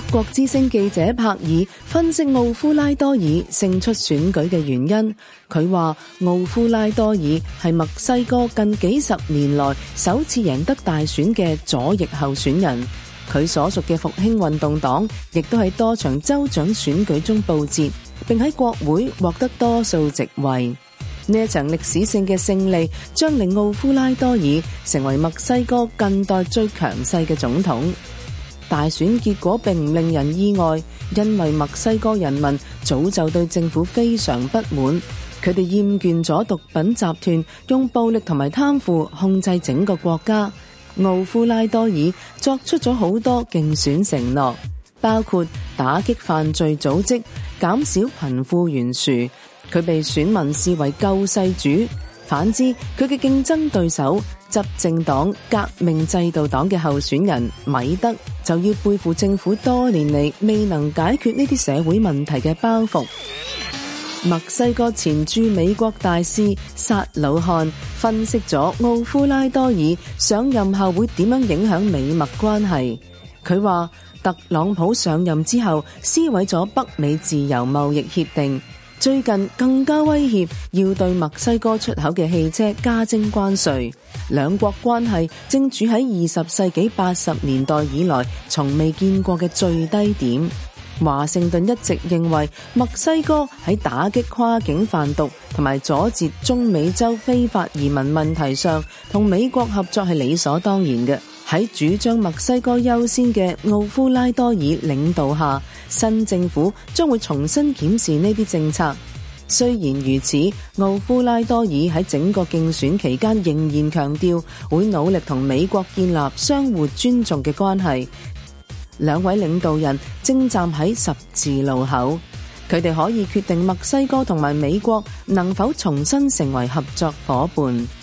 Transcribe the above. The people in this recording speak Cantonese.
德國之聲記者帕爾分析奧夫拉多爾勝出選舉嘅原因，佢話奧夫拉多爾係墨西哥近幾十年來首次贏得大選嘅左翼候選人，佢所屬嘅復興運動黨亦都喺多場州長選舉中報捷，並喺國會獲得多數席位。呢一場歷史性嘅勝利將令奧夫拉多爾成為墨西哥近代最強勢嘅總統。大選結果並唔令人意外，因為墨西哥人民早就對政府非常不滿，佢哋厭倦咗毒品集團，用暴力同埋貪腐控制整個國家。奧夫拉多爾作出咗好多競選承諾，包括打擊犯罪組織、減少貧富懸殊。佢被選民視為救世主。反之，佢嘅競爭對手，執政黨革命制度黨嘅候選人米德。就要背負政府多年嚟未能解決呢啲社會問題嘅包袱。墨西哥前駐美國大使薩魯漢分析咗奧夫拉多爾上任後會點樣影響美墨關係。佢話特朗普上任之後撕毀咗北美自由貿易協定。最近更加威脅要對墨西哥出口嘅汽車加徵關稅，兩國關係正處喺二十世紀八十年代以來從未見過嘅最低點。華盛頓一直認為墨西哥喺打擊跨境販毒同埋阻截中美洲非法移民問題上，同美國合作係理所當然嘅，喺主張墨西哥優先嘅奧夫拉多爾領導下，新政府將會重新檢視呢啲政策。雖然如此，奧夫拉多爾喺整個競選期間仍然強調會努力同美國建立相互尊重嘅關係。兩位領導人正站喺十字路口，佢哋可以決定墨西哥同埋美國能否重新成為合作夥伴。